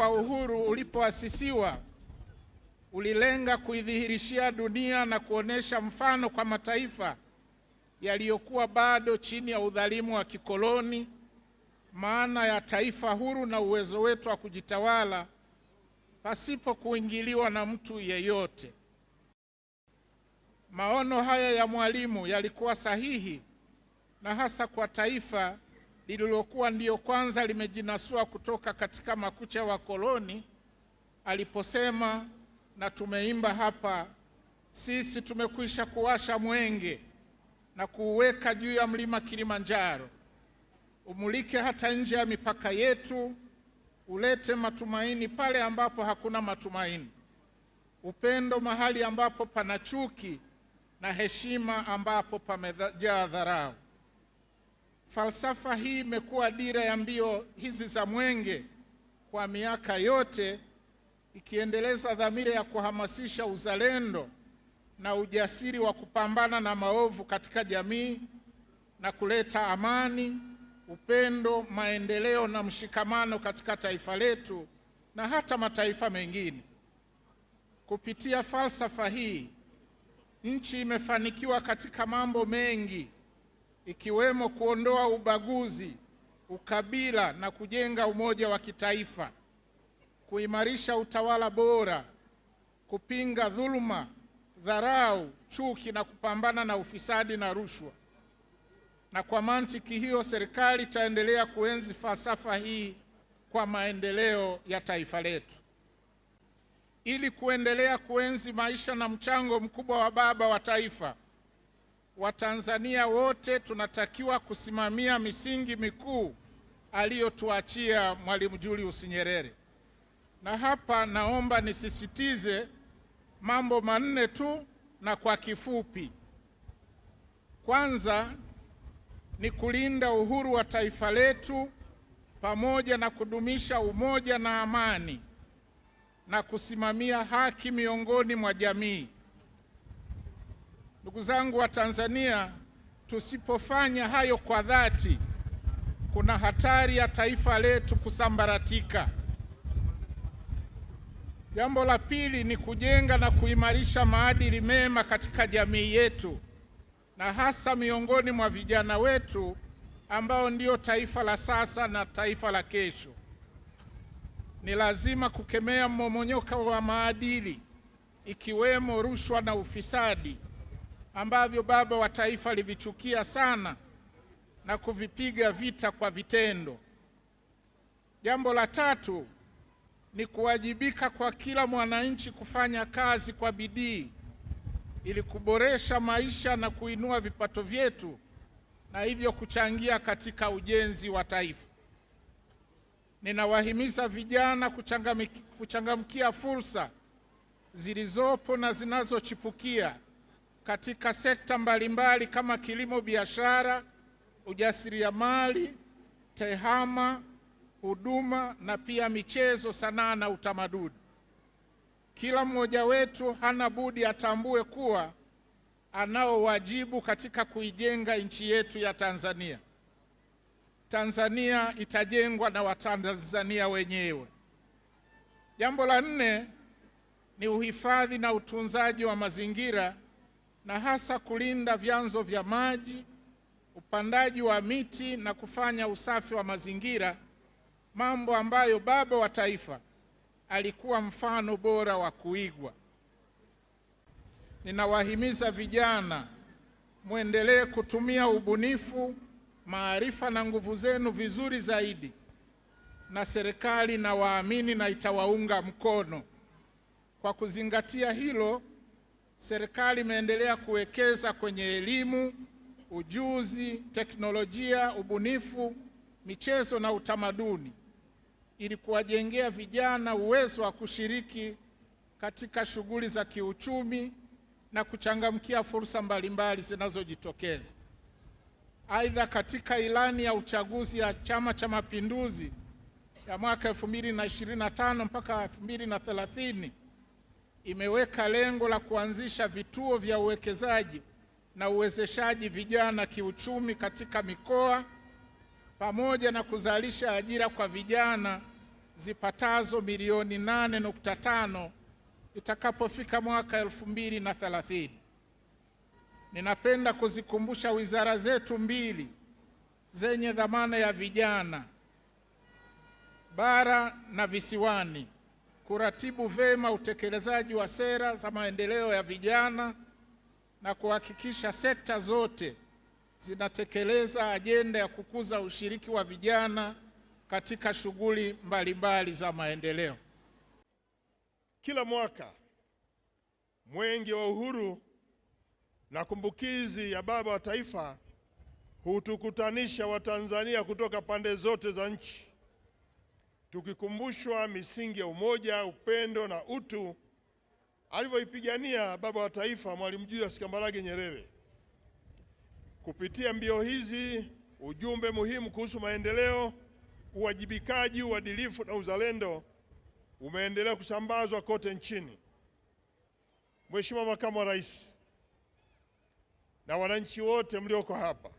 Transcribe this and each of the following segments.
wa uhuru ulipoasisiwa ulilenga kuidhihirishia dunia na kuonesha mfano kwa mataifa yaliyokuwa bado chini ya udhalimu wa kikoloni, maana ya taifa huru na uwezo wetu wa kujitawala pasipo kuingiliwa na mtu yeyote. Maono haya ya Mwalimu yalikuwa sahihi na hasa kwa taifa lililokuwa ndiyo kwanza limejinasua kutoka katika makucha wakoloni, aliposema na tumeimba hapa, sisi tumekwisha kuwasha mwenge na kuuweka juu ya mlima Kilimanjaro, umulike hata nje ya mipaka yetu, ulete matumaini pale ambapo hakuna matumaini, upendo mahali ambapo pana chuki, na heshima ambapo pamejaa dharau. Falsafa hii imekuwa dira ya mbio hizi za Mwenge kwa miaka yote, ikiendeleza dhamira ya kuhamasisha uzalendo na ujasiri wa kupambana na maovu katika jamii na kuleta amani, upendo, maendeleo na mshikamano katika taifa letu na hata mataifa mengine. Kupitia falsafa hii, nchi imefanikiwa katika mambo mengi ikiwemo kuondoa ubaguzi, ukabila na kujenga umoja wa kitaifa, kuimarisha utawala bora, kupinga dhuluma, dharau, chuki na kupambana na ufisadi na rushwa. Na kwa mantiki hiyo, serikali itaendelea kuenzi falsafa hii kwa maendeleo ya taifa letu. Ili kuendelea kuenzi maisha na mchango mkubwa wa baba wa taifa Watanzania wote tunatakiwa kusimamia misingi mikuu aliyotuachia Mwalimu Julius Nyerere. Na hapa naomba nisisitize mambo manne tu na kwa kifupi. Kwanza ni kulinda uhuru wa taifa letu pamoja na kudumisha umoja na amani na kusimamia haki miongoni mwa jamii. Ndugu zangu wa Tanzania, tusipofanya hayo kwa dhati, kuna hatari ya taifa letu kusambaratika. Jambo la pili ni kujenga na kuimarisha maadili mema katika jamii yetu na hasa miongoni mwa vijana wetu ambao ndio taifa la sasa na taifa la kesho. Ni lazima kukemea mmomonyoka wa maadili ikiwemo rushwa na ufisadi ambavyo baba wa taifa alivichukia sana na kuvipiga vita kwa vitendo. Jambo la tatu ni kuwajibika kwa kila mwananchi kufanya kazi kwa bidii ili kuboresha maisha na kuinua vipato vyetu na hivyo kuchangia katika ujenzi wa taifa. Ninawahimiza vijana kuchangamkia fursa zilizopo na zinazochipukia katika sekta mbalimbali kama kilimo, biashara, ujasiriamali, tehama, huduma na pia michezo, sanaa na utamaduni. Kila mmoja wetu hana budi atambue kuwa anao wajibu katika kuijenga nchi yetu ya Tanzania. Tanzania itajengwa na Watanzania wenyewe. Jambo la nne ni uhifadhi na utunzaji wa mazingira na hasa kulinda vyanzo vya maji, upandaji wa miti na kufanya usafi wa mazingira, mambo ambayo baba wa taifa alikuwa mfano bora wa kuigwa. Ninawahimiza vijana mwendelee kutumia ubunifu, maarifa na nguvu zenu vizuri zaidi, na serikali na waamini na itawaunga mkono. Kwa kuzingatia hilo serikali imeendelea kuwekeza kwenye elimu, ujuzi, teknolojia, ubunifu, michezo na utamaduni ili kuwajengea vijana uwezo wa kushiriki katika shughuli za kiuchumi na kuchangamkia fursa mbalimbali zinazojitokeza. Aidha, katika ilani ya uchaguzi ya Chama cha Mapinduzi ya mwaka 2025 mpaka 2030 imeweka lengo la kuanzisha vituo vya uwekezaji na uwezeshaji vijana kiuchumi katika mikoa pamoja na kuzalisha ajira kwa vijana zipatazo milioni 8.5 itakapofika mwaka 2030. Ninapenda kuzikumbusha wizara zetu mbili zenye dhamana ya vijana bara na visiwani kuratibu vema utekelezaji wa sera za maendeleo ya vijana na kuhakikisha sekta zote zinatekeleza ajenda ya kukuza ushiriki wa vijana katika shughuli mbalimbali za maendeleo. Kila mwaka mwenge wa uhuru na kumbukizi ya baba wa taifa hutukutanisha Watanzania kutoka pande zote za nchi tukikumbushwa misingi ya umoja, upendo na utu alivyoipigania baba wa taifa Mwalimu Julius Kambarage Nyerere. Kupitia mbio hizi, ujumbe muhimu kuhusu maendeleo, uwajibikaji, uadilifu na uzalendo umeendelea kusambazwa kote nchini. Mheshimiwa Makamu wa Rais na wananchi wote mlioko hapa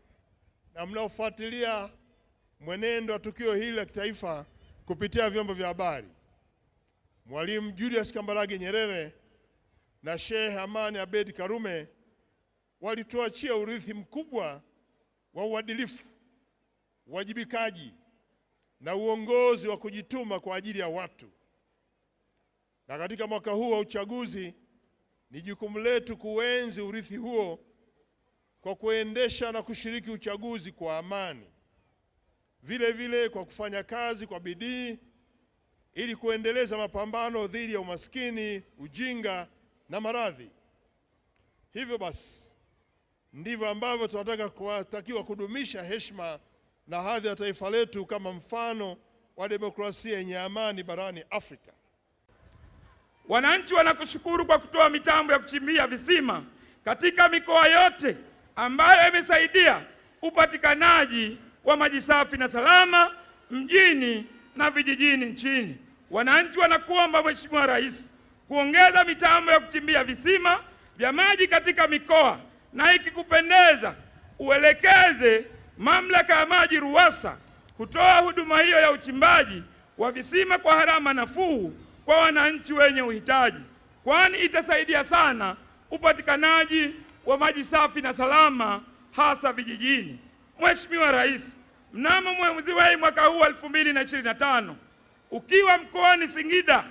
na mnaofuatilia mwenendo wa tukio hili la kitaifa kupitia vyombo vya habari, Mwalimu Julius Kambarage Nyerere na Sheikh Amani Abedi Karume walituachia urithi mkubwa wa uadilifu, uwajibikaji na uongozi wa kujituma kwa ajili ya watu. Na katika mwaka huu wa uchaguzi, ni jukumu letu kuenzi urithi huo kwa kuendesha na kushiriki uchaguzi kwa amani, vile vile kwa kufanya kazi kwa bidii ili kuendeleza mapambano dhidi ya umaskini, ujinga na maradhi. Hivyo basi ndivyo ambavyo tunataka kuwatakiwa kudumisha heshima na hadhi ya taifa letu kama mfano wa demokrasia yenye amani barani Afrika. Wananchi wanakushukuru kwa kutoa mitambo ya kuchimbia visima katika mikoa yote ambayo imesaidia upatikanaji wa maji safi na salama mjini na vijijini nchini. Wananchi wanakuomba Mheshimiwa Rais kuongeza mitambo ya kuchimbia visima vya maji katika mikoa, na ikikupendeza uelekeze Mamlaka ya Maji RUWASA kutoa huduma hiyo ya uchimbaji wa visima kwa gharama nafuu kwa wananchi wenye uhitaji, kwani itasaidia sana upatikanaji wa maji safi na salama hasa vijijini. Mheshimiwa Rais, mnamo mwezi wa mwaka huu 2025 ukiwa mkoani Singida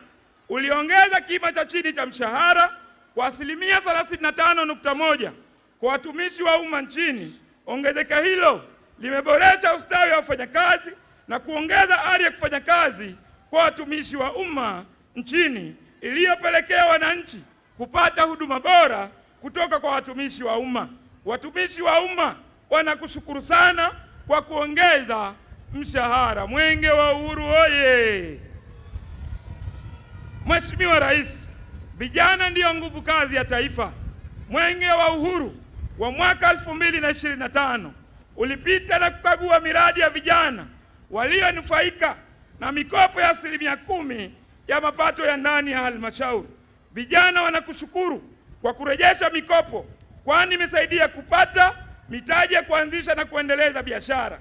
uliongeza kima cha chini cha mshahara kwa asilimia 35.1 kwa watumishi wa umma nchini. Ongezeko hilo limeboresha ustawi wa wafanyakazi na kuongeza ari ya kufanya kazi kwa watumishi wa umma nchini iliyopelekea wananchi kupata huduma bora kutoka kwa watumishi wa umma. Watumishi wa umma wanakushukuru sana kwa kuongeza mshahara. Mwenge wa Uhuru oye! Mheshimiwa Rais, vijana ndiyo nguvu kazi ya taifa. Mwenge wa Uhuru wa mwaka 2025 ulipita na kukagua miradi ya vijana walionufaika na mikopo ya asilimia kumi ya mapato ya ndani ya halmashauri. Vijana wanakushukuru kwa kurejesha mikopo, kwani imesaidia kupata mitaji ya kuanzisha na kuendeleza biashara.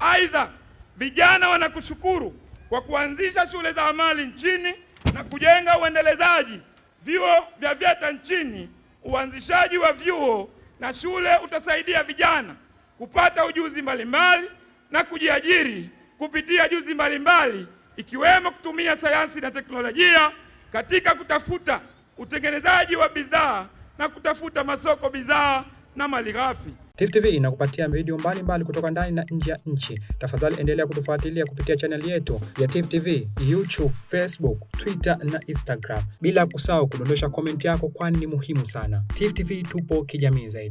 Aidha, vijana wanakushukuru kwa kuanzisha shule za amali nchini na kujenga uendelezaji vyuo vya VETA nchini. Uanzishaji wa vyuo na shule utasaidia vijana kupata ujuzi mbalimbali na kujiajiri kupitia juzi mbalimbali ikiwemo kutumia sayansi na teknolojia katika kutafuta utengenezaji wa bidhaa na kutafuta masoko bidhaa na malighafi. Tifu TV inakupatia video mbalimbali kutoka ndani na nje ya nchi. Tafadhali endelea kutufuatilia kupitia chaneli yetu ya Tifu TV, YouTube, Facebook, Twitter na Instagram, bila kusahau kudondosha komenti yako, kwani ni muhimu sana. Tifu TV tupo kijamii zaidi.